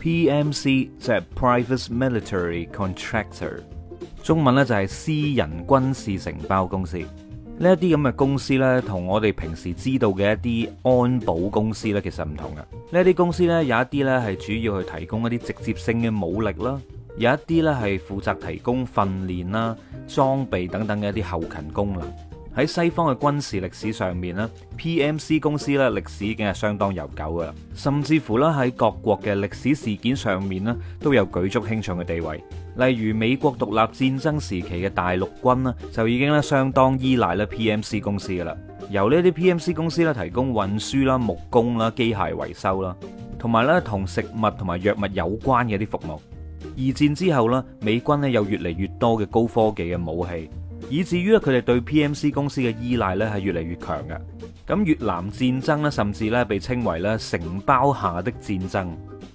PMC 就係 Private Military Contractor，中文呢就係私人軍事承包公司。呢一啲咁嘅公司呢，同我哋平時知道嘅一啲安保公司呢，其實唔同嘅。呢啲公司呢，有一啲呢係主要去提供一啲直接性嘅武力啦，有一啲呢係負責提供訓練啦、裝備等等嘅一啲後勤功能。喺西方嘅軍事歷史上面咧，PMC 公司咧歷史已經係相當悠久噶啦，甚至乎咧喺各國嘅歷史事件上面咧都有舉足輕重嘅地位。例如美國獨立戰爭時期嘅大陸軍咧，就已經咧相當依賴咧 PMC 公司噶啦，由呢啲 PMC 公司咧提供運輸啦、木工啦、機械維修啦，同埋咧同食物同埋藥物有關嘅啲服務。二戰之後咧，美軍咧有越嚟越多嘅高科技嘅武器。以至於佢哋對 PMC 公司嘅依賴咧係越嚟越強嘅。咁越南戰爭咧甚至咧被稱為咧承包下的戰爭。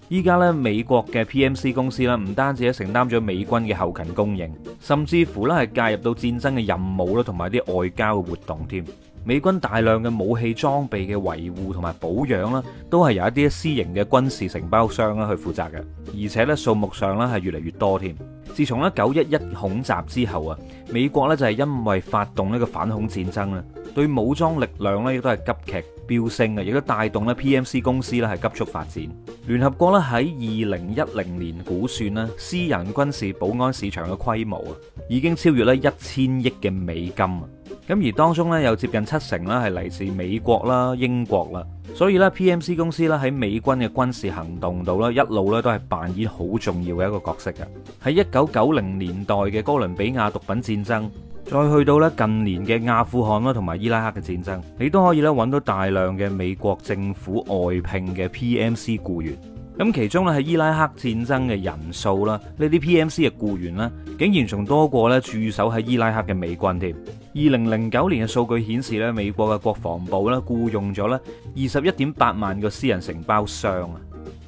依家咧美國嘅 PMC 公司咧唔單止咧承擔咗美軍嘅後勤供應，甚至乎咧係介入到戰爭嘅任務啦，同埋啲外交活動添。美軍大量嘅武器裝備嘅維護同埋保養啦，都係由一啲私營嘅軍事承包商啦去負責嘅，而且咧數目上咧係越嚟越多添。自從咧九一一恐襲之後啊，美國咧就係因為發動呢個反恐戰爭咧，對武裝力量咧亦都係急劇飆升啊，亦都帶動呢 PMC 公司咧係急速發展。聯合國咧喺二零一零年估算咧，私人軍事保安市場嘅規模啊，已經超越咧一千億嘅美金。咁而當中咧，有接近七成啦，係嚟自美國啦、英國啦，所以咧，PMC 公司咧喺美軍嘅軍事行動度咧，一路咧都係扮演好重要嘅一個角色嘅。喺一九九零年代嘅哥倫比亞毒品戰爭，再去到咧近年嘅阿富汗啦同埋伊拉克嘅戰爭，你都可以咧揾到大量嘅美國政府外聘嘅 PMC 僱員。咁其中咧喺伊拉克戰爭嘅人數啦，呢啲 PMC 嘅僱員咧，竟然仲多過咧駐守喺伊拉克嘅美軍添。二零零九年嘅數據顯示咧，美國嘅國防部咧僱用咗咧二十一點八萬個私人承包商啊，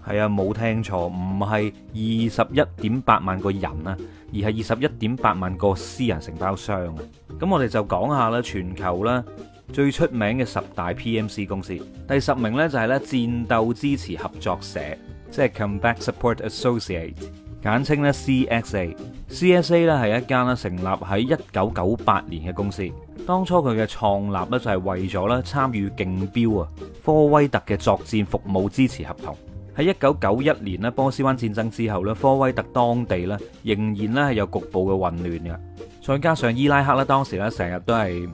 係啊冇聽錯，唔係二十一點八萬個人啊，而係二十一點八萬個私人承包商啊。咁我哋就講下咧全球啦最出名嘅十大 PMC 公司，第十名呢，就係咧戰鬥支持合作社，即係 Combat Support Associates。簡稱咧 CSA，CSA 咧係一間咧成立喺一九九八年嘅公司。當初佢嘅創立呢，就係為咗咧參與競標啊科威特嘅作戰服務支持合同。喺一九九一年呢波斯灣戰爭之後呢，科威特當地呢仍然呢係有局部嘅混亂嘅，再加上伊拉克呢當時呢成日都係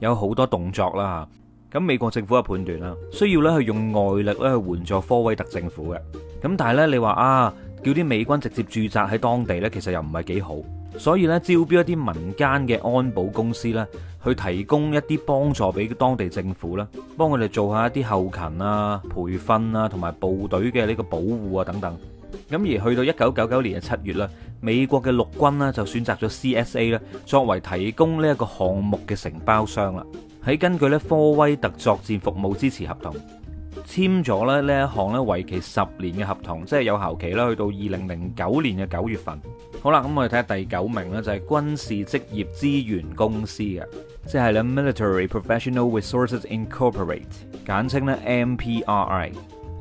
有好多動作啦，咁美國政府嘅判斷啦，需要呢去用外力咧去援助科威特政府嘅。咁但係呢，你話啊？叫啲美軍直接駐紮喺當地咧，其實又唔係幾好，所以咧，招標一啲民間嘅安保公司咧，去提供一啲幫助俾當地政府啦，幫我哋做下一啲後勤啊、培訓啊，同埋部隊嘅呢個保護啊等等。咁而去到一九九九年嘅七月啦，美國嘅陸軍呢，就選擇咗 CSA 咧作為提供呢一個項目嘅承包商啦，喺根據咧科威特作戰服務支持合同。簽咗咧呢一項咧，為期十年嘅合同，即係有效期啦，去到二零零九年嘅九月份。好啦，咁我哋睇下第九名咧，就係軍事職業資源公司嘅，即係咧 Military Professional Resources Incorporate，簡稱咧 MPRI。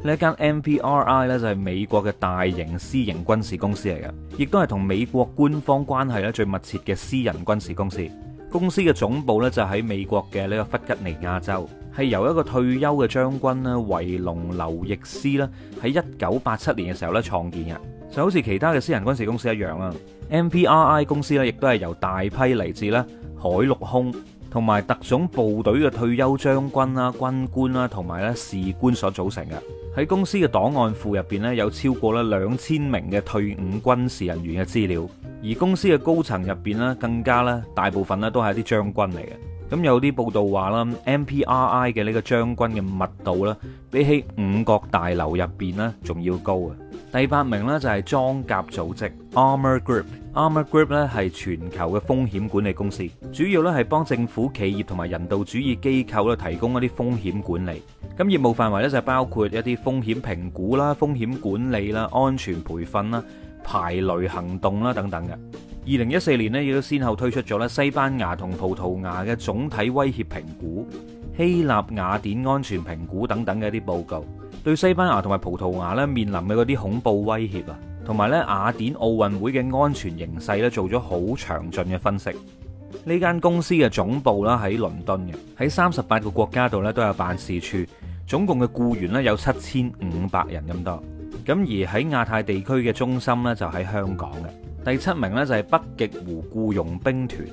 呢一間 MPRI 呢，就係美國嘅大型私營軍事公司嚟嘅，亦都係同美國官方關係咧最密切嘅私人軍事公司。公司嘅總部呢，就喺美國嘅呢個弗吉尼亞州。係由一個退休嘅將軍呢，維龍劉易斯呢，喺一九八七年嘅時候呢創建嘅，就好似其他嘅私人軍事公司一樣啦。MPRI 公司呢，亦都係由大批嚟自呢海陸空同埋特種部隊嘅退休將軍啦、軍官啦同埋呢士官所組成嘅。喺公司嘅檔案庫入邊呢，有超過呢兩千名嘅退伍軍事人員嘅資料，而公司嘅高層入邊呢更加呢大部分呢都係啲將軍嚟嘅。咁有啲報道話啦，MPRI 嘅呢個將軍嘅密度啦，比起五角大樓入邊呢仲要高啊！第八名呢，就係裝甲組織 Armor Group，Armor Group 呢，係全球嘅風險管理公司，主要呢，係幫政府、企業同埋人道主義機構咧提供一啲風險管理。咁業務範圍呢，就包括一啲風險評估啦、風險管理啦、安全培訓啦、排雷行動啦等等嘅。二零一四年咧，亦都先後推出咗咧西班牙同葡萄牙嘅總體威脅評估、希臘雅典安全評估等等嘅一啲報告，對西班牙同埋葡萄牙咧面臨嘅嗰啲恐怖威脅啊，同埋咧雅典奧運會嘅安全形勢咧做咗好詳盡嘅分析。呢間公司嘅總部啦喺倫敦嘅，喺三十八個國家度咧都有辦事處，總共嘅僱員咧有七千五百人咁多。咁而喺亞太地區嘅中心咧就喺香港嘅。第七名呢，就係北極湖僱傭兵團。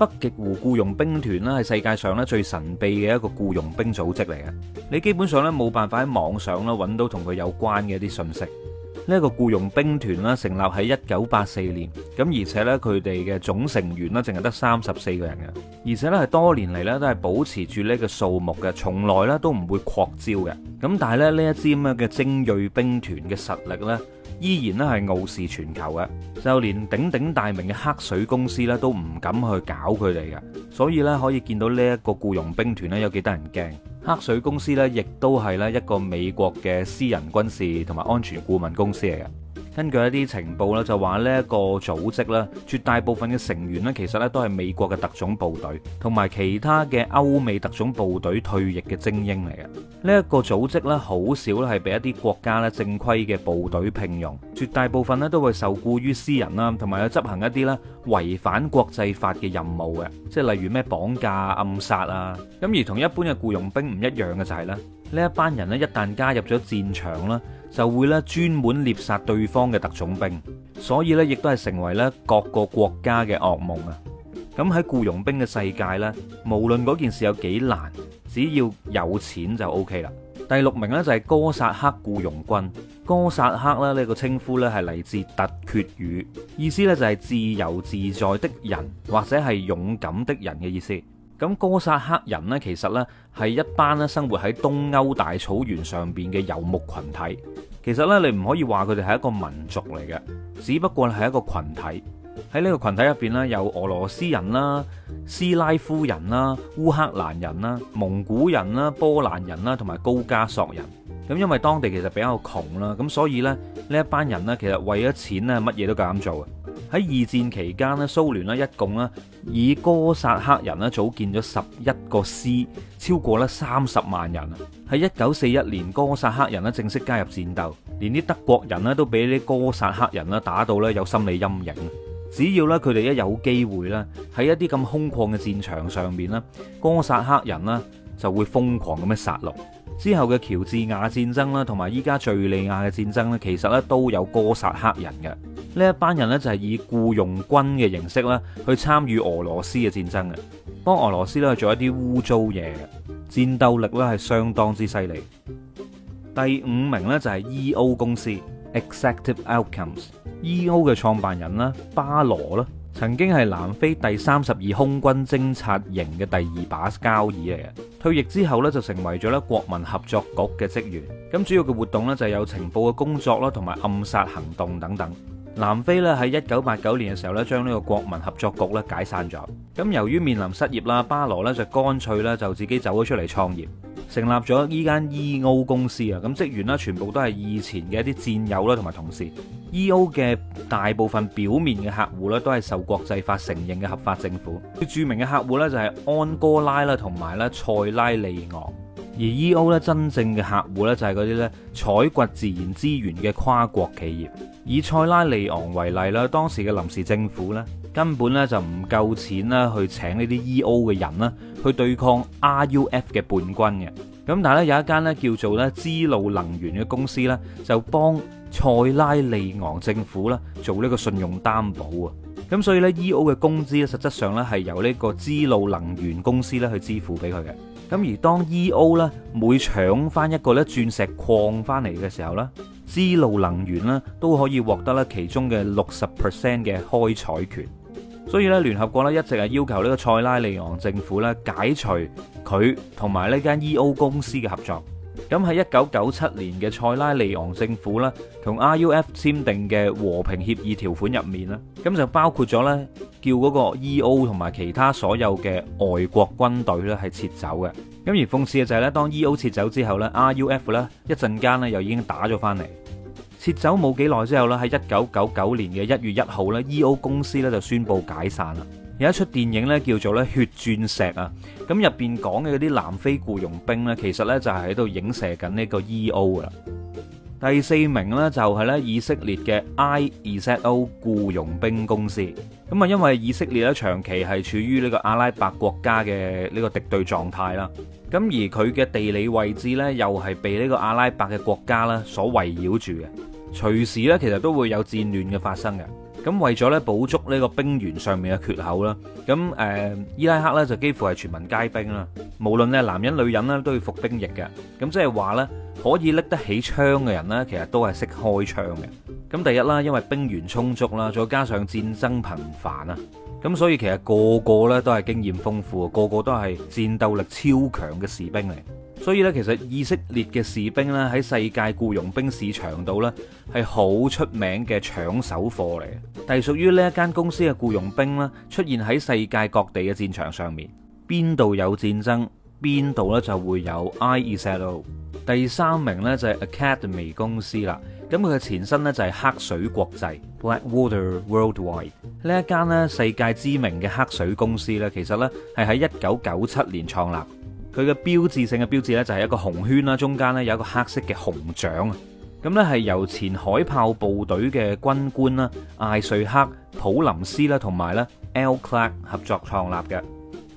北極湖僱傭兵團呢，係世界上咧最神秘嘅一個僱傭兵組織嚟嘅。你基本上咧冇辦法喺網上揾到同佢有關嘅一啲信息。呢、這、一個僱傭兵團呢，成立喺一九八四年，咁而且呢，佢哋嘅總成員咧淨係得三十四個人嘅，而且呢，係多年嚟咧都係保持住呢個數目嘅，從來咧都唔會擴招嘅。咁但係咧呢一支咁樣嘅精鋭兵團嘅實力呢。依然咧係傲視全球嘅，就連鼎鼎大名嘅黑水公司咧都唔敢去搞佢哋嘅，所以咧可以見到呢一個僱傭兵團咧有幾得人驚。黑水公司咧亦都係咧一個美國嘅私人軍事同埋安全顧問公司嚟嘅。根據一啲情報啦，就話呢一個組織啦，絕大部分嘅成員呢其實呢都係美國嘅特種部隊，同埋其他嘅歐美特種部隊退役嘅精英嚟嘅。呢、這、一個組織呢好少咧係俾一啲國家呢正規嘅部隊聘用，絕大部分呢都會受雇於私人啦，同埋去執行一啲呢違反國際法嘅任務嘅，即係例如咩綁架、暗殺啊。咁而同一般嘅僱傭兵唔一樣嘅就係、是、呢。呢一班人咧，一旦加入咗戰場啦，就會咧專門獵殺對方嘅特種兵，所以咧亦都係成為咧各個國家嘅噩夢啊！咁喺僱傭兵嘅世界咧，無論嗰件事有幾難，只要有錢就 OK 啦。第六名呢就係哥薩克僱傭軍，哥薩克咧呢個稱呼咧係嚟自突厥語，意思呢就係自由自在的人或者係勇敢的人嘅意思。咁哥薩克人呢，其實呢係一班呢生活喺東歐大草原上邊嘅遊牧群體。其實呢，你唔可以話佢哋係一個民族嚟嘅，只不過係一個群體。喺呢個群體入邊呢，有俄羅斯人啦、斯拉夫人啦、烏克蘭人啦、蒙古人啦、波蘭人啦，同埋高加索人。咁因為當地其實比較窮啦，咁所以呢，呢一班人呢，其實為咗錢呢，乜嘢都夠膽做啊！喺二戰期間咧，蘇聯咧一共咧以哥薩克人咧組建咗十一個師，超過咧三十萬人。喺一九四一年，哥薩克人咧正式加入戰鬥，連啲德國人咧都俾啲哥薩克人咧打到咧有心理陰影。只要咧佢哋一有機會咧，喺一啲咁空曠嘅戰場上面咧，哥薩克人咧就會瘋狂咁樣殺戮。之後嘅喬治亞戰爭啦，同埋依家敍利亞嘅戰爭呢，其實呢都有哥薩克人嘅。呢一班人呢，就係以僱傭軍嘅形式啦去參與俄羅斯嘅戰爭嘅，幫俄羅斯咧去做一啲污糟嘢嘅，戰鬥力咧係相當之犀利。第五名呢，就係 E.O 公司 （Executive Outcomes）。E.O 嘅創辦人啦，巴羅啦。曾經係南非第三十二空軍偵察營嘅第二把交椅嚟嘅，退役之後呢，就成為咗咧國民合作局嘅職員，咁主要嘅活動呢，就有情報嘅工作啦，同埋暗殺行動等等。南非咧喺一九八九年嘅時候呢，將呢個國民合作局咧解散咗，咁由於面臨失業啦，巴羅呢就乾脆咧就自己走咗出嚟創業。成立咗依間 E.O 公司啊，咁職員啦全部都係以前嘅一啲戰友啦，同埋同事。E.O 嘅大部分表面嘅客戶咧，都係受國際法承認嘅合法政府。最著名嘅客戶咧就係安哥拉啦，同埋咧塞拉利昂。而 E.O 咧真正嘅客戶咧就係嗰啲咧採掘自然資源嘅跨國企業。以塞拉利昂為例啦，當時嘅臨時政府咧。根本咧就唔夠錢啦，去請呢啲 E.O. 嘅人啦，去對抗 R.U.F. 嘅叛軍嘅。咁但係咧有一間咧叫做咧支路能源嘅公司咧，就幫塞拉利昂政府咧做呢個信用擔保啊。咁所以咧 E.O. 嘅工資咧實質上咧係由呢個支路能源公司咧去支付俾佢嘅。咁而當 E.O. 咧每搶翻一個咧鑽石礦翻嚟嘅時候咧，支路能源咧都可以獲得咧其中嘅六十 percent 嘅開採權。所以咧，聯合國咧一直係要求呢個塞拉利昂政府咧解除佢同埋呢間 E.O 公司嘅合作。咁喺一九九七年嘅塞拉利昂政府咧同 R.U.F 簽訂嘅和平協議條款入面咧，咁就包括咗咧叫嗰個 E.O 同埋其他所有嘅外國軍隊咧係撤走嘅。咁而諷刺嘅就係咧，當 E.O 撤走之後咧，R.U.F 咧一陣間咧又已經打咗翻嚟。撤走冇幾耐之後咧，喺一九九九年嘅一月一號咧，E.O. 公司咧就宣布解散啦。有一出電影咧叫做咧《血鑽石》啊，咁入邊講嘅嗰啲南非僱傭兵咧，其實咧就係喺度影射緊呢個 E.O. 噶啦。第四名呢，就係咧以色列嘅 IECO 僱傭兵公司。咁啊，因為以色列咧長期係處於呢個阿拉伯國家嘅呢個敵對狀態啦，咁而佢嘅地理位置呢，又係被呢個阿拉伯嘅國家呢所圍繞住嘅。隨時咧，其實都會有戰亂嘅發生嘅。咁為咗咧補足呢個兵源上面嘅缺口啦，咁誒、呃、伊拉克咧就幾乎係全民皆兵啦。無論你係男人女人啦，都要服兵役嘅。咁即係話咧，可以拎得起槍嘅人咧，其實都係識開槍嘅。咁第一啦，因為兵源充足啦，再加上戰爭頻繁啊，咁所以其實個個咧都係經驗豐富，個個都係戰鬥力超強嘅士兵嚟。所以咧，其實以色列嘅士兵咧喺世界僱傭兵市場度咧係好出名嘅搶手貨嚟，但係屬於呢一間公司嘅僱傭兵呢，出現喺世界各地嘅戰場上面，邊度有戰爭，邊度呢就會有以色列。第三名呢，就係 Academy 公司啦，咁佢嘅前身呢，就係黑水國際 （Blackwater Worldwide） 呢一間呢，間世界知名嘅黑水公司呢，其實呢，係喺一九九七年創立。佢嘅標誌性嘅標誌呢，就係一個紅圈啦，中間呢，有一個黑色嘅熊掌啊。咁呢係由前海豹部隊嘅軍官啦，艾瑞克普林斯啦同埋呢 L. Clark 合作創立嘅。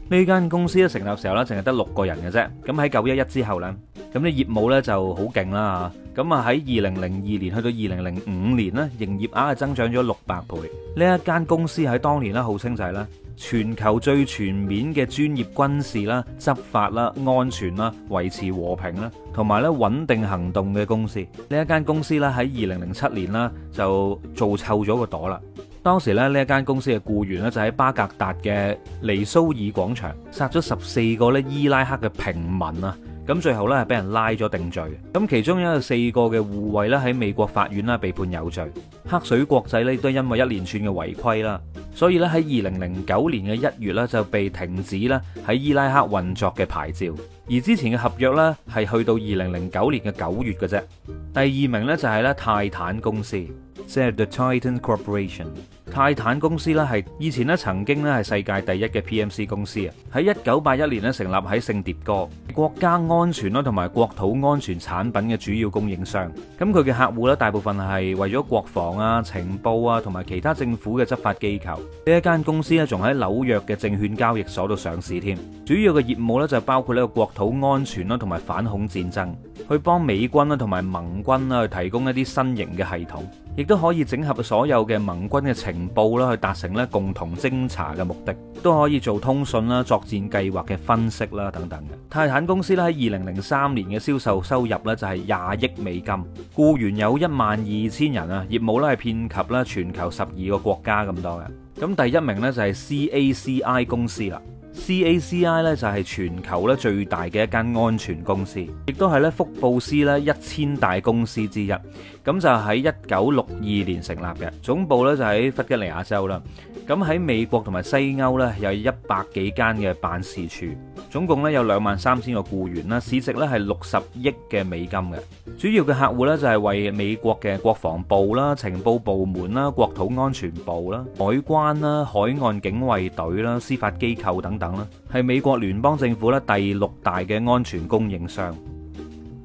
呢間公司呢，成立時候呢，淨係得六個人嘅啫。咁喺九一一之後呢，咁啲業務呢就好勁啦。咁啊喺二零零二年去到二零零五年呢，營業額係增長咗六百倍。呢一間公司喺當年呢、就是，號稱就係呢。全球最全面嘅專業軍事啦、執法啦、安全啦、維持和平啦，同埋咧穩定行動嘅公司。呢一間公司咧喺二零零七年啦就做臭咗個朵啦。當時咧呢一間公司嘅僱員呢，就喺巴格達嘅尼蘇爾廣場殺咗十四個咧伊拉克嘅平民啊。咁最後呢，係俾人拉咗定罪，咁其中有四個嘅護衛咧喺美國法院咧被判有罪。黑水國際呢，都因為一連串嘅違規啦，所以咧喺二零零九年嘅一月咧就被停止咧喺伊拉克運作嘅牌照，而之前嘅合約呢，係去到二零零九年嘅九月嘅啫。第二名呢，就係咧泰坦公司。即係 The Titan Corporation，泰坦公司咧係以前咧曾經咧係世界第一嘅 PMC 公司啊！喺一九八一年咧成立喺聖迭戈，國家安全咯同埋國土安全產品嘅主要供應商。咁佢嘅客戶咧大部分係為咗國防啊、情報啊同埋其他政府嘅執法機構。呢一間公司咧仲喺紐約嘅證券交易所度上市添。主要嘅業務咧就包括呢個國土安全咯同埋反恐戰爭。去幫美軍啦同埋盟軍啦去提供一啲新型嘅系統，亦都可以整合所有嘅盟軍嘅情報啦，去達成咧共同偵查嘅目的，都可以做通訊啦、作戰計劃嘅分析啦等等嘅。泰坦公司咧喺二零零三年嘅銷售收入咧就係廿億美金，僱員有一萬二千人啊，業務咧係遍及咧全球十二個國家咁多嘅。咁第一名咧就係 CACI 公司啦。C.A.C.I 咧就係全球咧最大嘅一間安全公司，亦都係咧福布斯咧一千大公司之一。咁就喺一九六二年成立嘅，總部咧就喺弗吉尼亞州啦。咁喺美國同埋西歐呢，有一百幾間嘅辦事處，總共呢有兩萬三千個僱員啦，市值呢係六十億嘅美金嘅。主要嘅客戶呢，就係為美國嘅國防部啦、情報部門啦、國土安全部啦、海關啦、海岸警衛隊啦、司法機構等等啦，係美國聯邦政府咧第六大嘅安全供應商。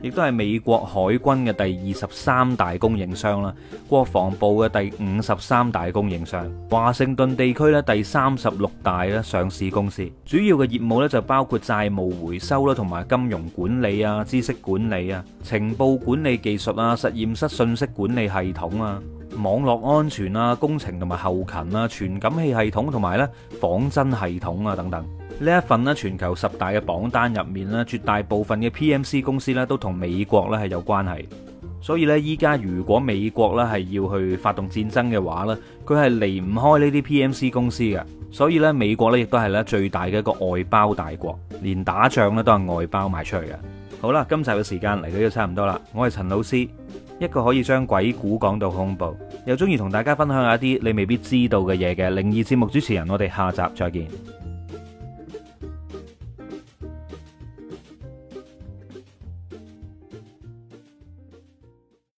亦都係美國海軍嘅第二十三大供應商啦，國防部嘅第五十三大供應商，華盛頓地區咧第三十六大咧上市公司。主要嘅業務咧就包括債務回收啦，同埋金融管理啊、知識管理啊、情報管理技術啊、實驗室信息管理系統啊、網絡安全啊、工程同埋後勤啊、傳感器系統同埋咧仿真系統啊等等。呢一份咧全球十大嘅榜單入面咧，絕大部分嘅 P M C 公司咧都同美國咧係有關係，所以呢，依家如果美國咧係要去發動戰爭嘅話呢，佢係離唔開呢啲 P M C 公司嘅，所以呢，美國咧亦都係咧最大嘅一個外包大國，連打仗咧都係外包賣出去嘅。好啦，今集嘅時間嚟到都差唔多啦，我係陳老師，一個可以將鬼故講到恐怖，又中意同大家分享下啲你未必知道嘅嘢嘅靈異節目主持人，我哋下集再見。